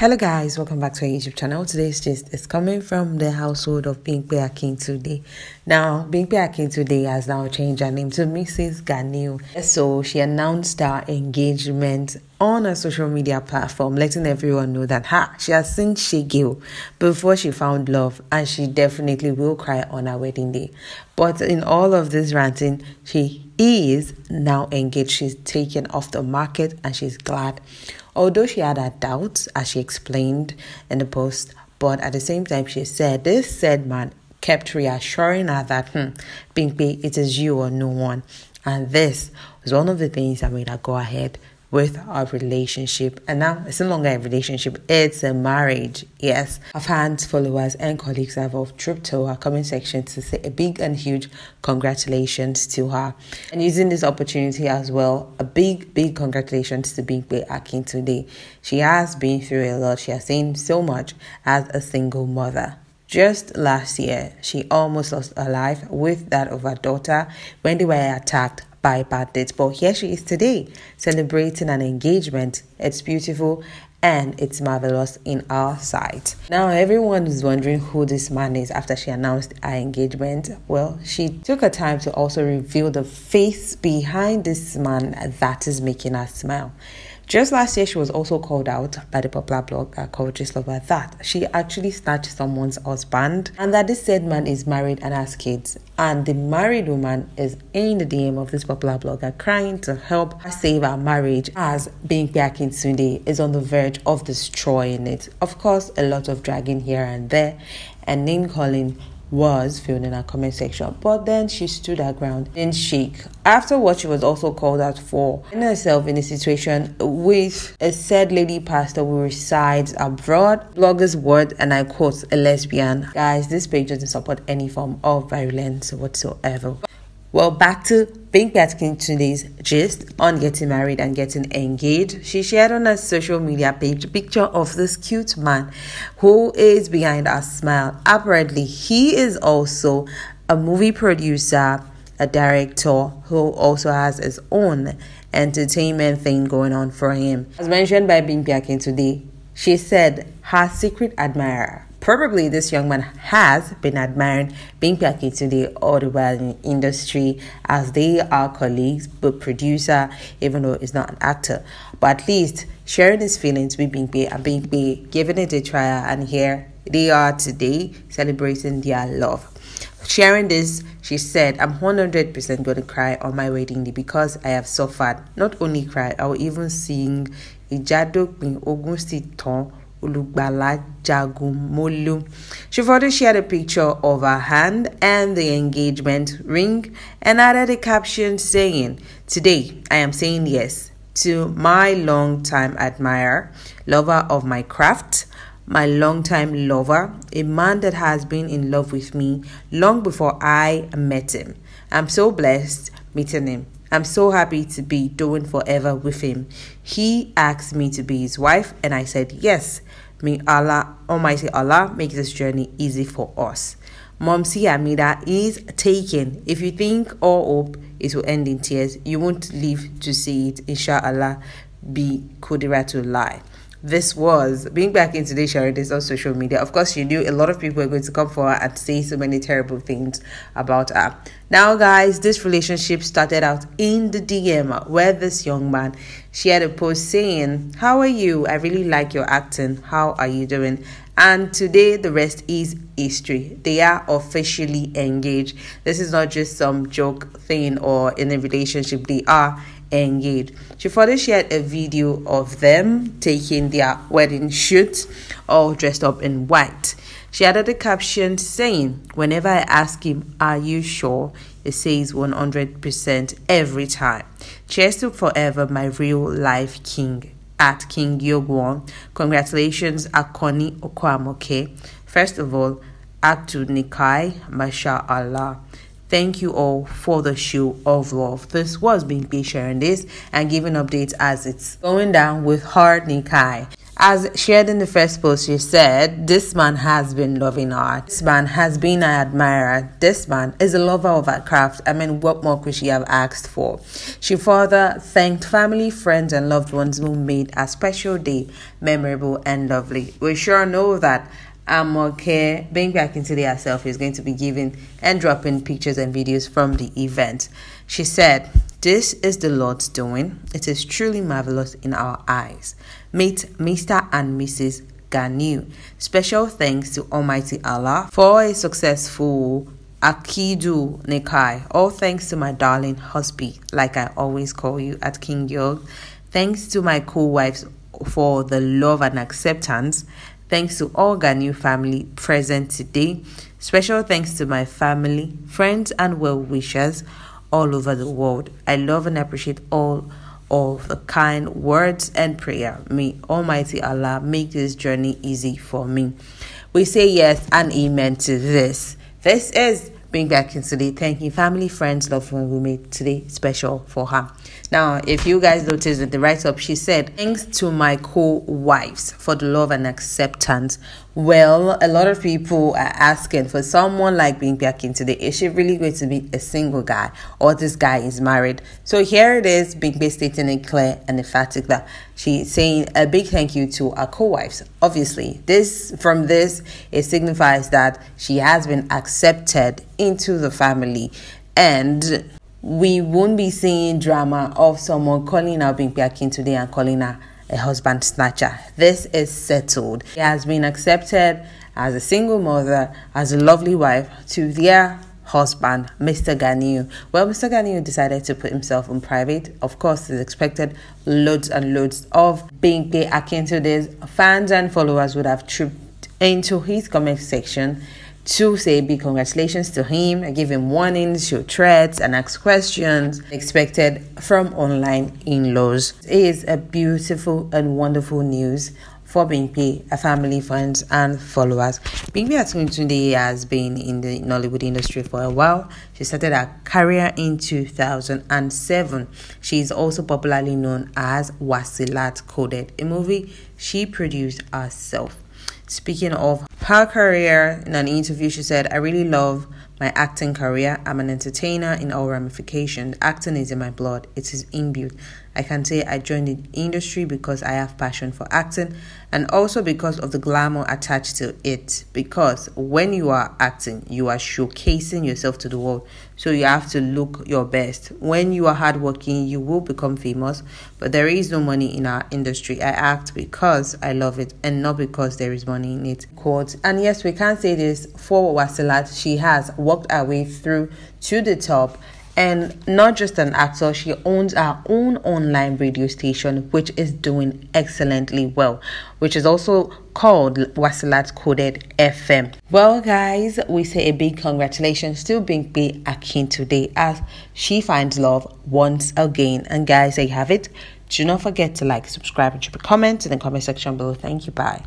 Hello guys, welcome back to our YouTube channel. Today's gist is coming from the household of Binkpe today. Now, Binkpe today has now changed her name to Mrs. Ganil. So she announced her engagement on a social media platform, letting everyone know that ha, she has seen Shigeo before she found love, and she definitely will cry on her wedding day. But in all of this ranting, she is now engaged. She's taken off the market and she's glad. Although she had her doubts, as she explained in the post, but at the same time, she said, This said man kept reassuring her that, hmm, it is you or no one. And this was one of the things that made her go ahead with our relationship. And now it's no longer a relationship, it's a marriage. Yes, our fans, followers, and colleagues have of Trip to our comment section to say a big and huge congratulations to her. And using this opportunity as well, a big, big congratulations to Big Bay Akin today. She has been through a lot, she has seen so much as a single mother. Just last year, she almost lost her life with that of her daughter when they were attacked by bad dates. But here she is today, celebrating an engagement. It's beautiful and it's marvelous in our sight. Now, everyone is wondering who this man is after she announced her engagement. Well, she took her time to also reveal the face behind this man that is making her smile. Just last year, she was also called out by the popular blogger called Lover that she actually snatched someone's husband and that this said man is married and has kids. And the married woman is in the DM of this popular blogger crying to help her save her marriage as being in Sunday is on the verge of destroying it. Of course, a lot of dragging here and there and name calling was filled in our comment section, but then she stood her ground, in chic. After what she was also called out for finding herself in a situation with a said lady pastor who resides abroad. Bloggers word, and I quote, a lesbian. Guys, this page doesn't support any form of violence whatsoever. Well, back to Pink today's gist on getting married and getting engaged. She shared on her social media page a picture of this cute man who is behind a smile. Apparently, he is also a movie producer, a director who also has his own entertainment thing going on for him. As mentioned by Pink today, she said her secret admirer Probably this young man has been admiring Bimpia to the audiovisual industry as they are colleagues, but producer, even though he's not an actor. But at least sharing his feelings with Bimpia and Bimpia giving it a try, and here they are today celebrating their love sharing this, she said, I'm 100% going to cry on my wedding day because I have suffered. Not only cry, I will even sing Ijadokpin Ogun Siton Ulugbala Jagumolu. She further shared a picture of her hand and the engagement ring and added a caption saying, Today I am saying yes to my long-time admirer, lover of my craft, my long-time lover, a man that has been in love with me long before I met him. I'm so blessed meeting him. I'm so happy to be doing forever with him. He asked me to be his wife, and I said yes. May Allah, Almighty Allah, make this journey easy for us. Momsi Amida is taken. If you think all hope it will end in tears, you won't live to see it, inshallah. Be Kudiratullah this was. Being back in today's sharing this on social media, of course, she knew a lot of people were going to come for her and say so many terrible things about her. Now, guys, this relationship started out in the DM where this young man shared a post saying, How are you? I really like your acting. How are you doing? And today, the rest is history. They are officially engaged. This is not just some joke thing or in a relationship, they are engaged. She further shared a video of them taking their wedding shoot, all dressed up in white. She added a caption saying, Whenever I ask him, Are you sure? He says 100% every time. Cheers to forever, my real life king. At King Yogwon. Congratulations, Akoni Okwamoke. First of all, Atu Nikai, Masha Allah. Thank you all for the show of love. This was Being P sharing this and giving updates as it's going down with Hard Nikai. As shared in the first post, she said, This man has been loving art. This man has been an admirer. This man is a lover of art craft. I mean, what more could she have asked for? She further thanked family, friends, and loved ones who made a special day memorable and lovely. We sure know that Amoke Bengbe Akintele herself is going to be giving and dropping pictures and videos from the event. She said, This is the Lord's doing. It is truly marvelous in our eyes. Meet Mr. and Mrs. Ganu. Special thanks to Almighty Allah for a successful Akidu Nikai. All thanks to my darling husband, like I always call you at King Thanks to my co-wives for the love and acceptance. Thanks to all Ganyu family present today. Special thanks to my family, friends, and well wishers all over the world. I love and appreciate all of the kind words and prayer. May Almighty Allah make this journey easy for me. We say yes and amen to this. This is being back in city thanking family, friends, loved one we made today special for her. Now, if you guys noticed in the write up, she said, Thanks to my co wives for the love and acceptance well, a lot of people are asking for someone like Bimpia today. Is she really going to meet a single guy or this guy is married? So here it is, being stating it clear and emphatic that she's saying a big thank you to her co-wives. Obviously, this from this, it signifies that she has been accepted into the family and we won't be seeing drama of someone calling out Bimpia today and calling her a husband snatcher. This is settled. He has been accepted as a single mother, as a lovely wife to their husband, Mr. Ganiu. Well, Mr. Ganiu decided to put himself in private. Of course, is expected loads and loads of being to this. fans and followers would have tripped into his comment section to say big congratulations to him, I him warnings, show threats, and ask questions expected from online in laws. It is a beautiful and wonderful news for Bingpi, a family, friends, and followers. Bingpi Atuntunde has been in the Nollywood industry for a while. She started her career in 2007. She is also popularly known as Wasilat Coded, a movie she produced herself. Speaking of her career, in an interview, she said, I really love my acting career. I'm an entertainer in all ramifications. Acting is in my blood, it is inbuilt. I can say I joined the industry because I have passion for acting and also because of the glamour attached to it. Because when you are acting, you are showcasing yourself to the world. So you have to look your best. When you are hardworking, you will become famous. But there is no money in our industry. I act because I love it and not because there is money in it. Quote. And yes, we can say this for Wasilat. She has worked her way through to the top and not just an actor, she owns her own online radio station, which is doing excellently well, which is also called Wasilat Coded FM. Well, guys, we say a big congratulations to Bingbie Akin today as she finds love once again. And, guys, there you have it. Do not forget to like, subscribe, and drop a comment in the comment section below. Thank you. Bye.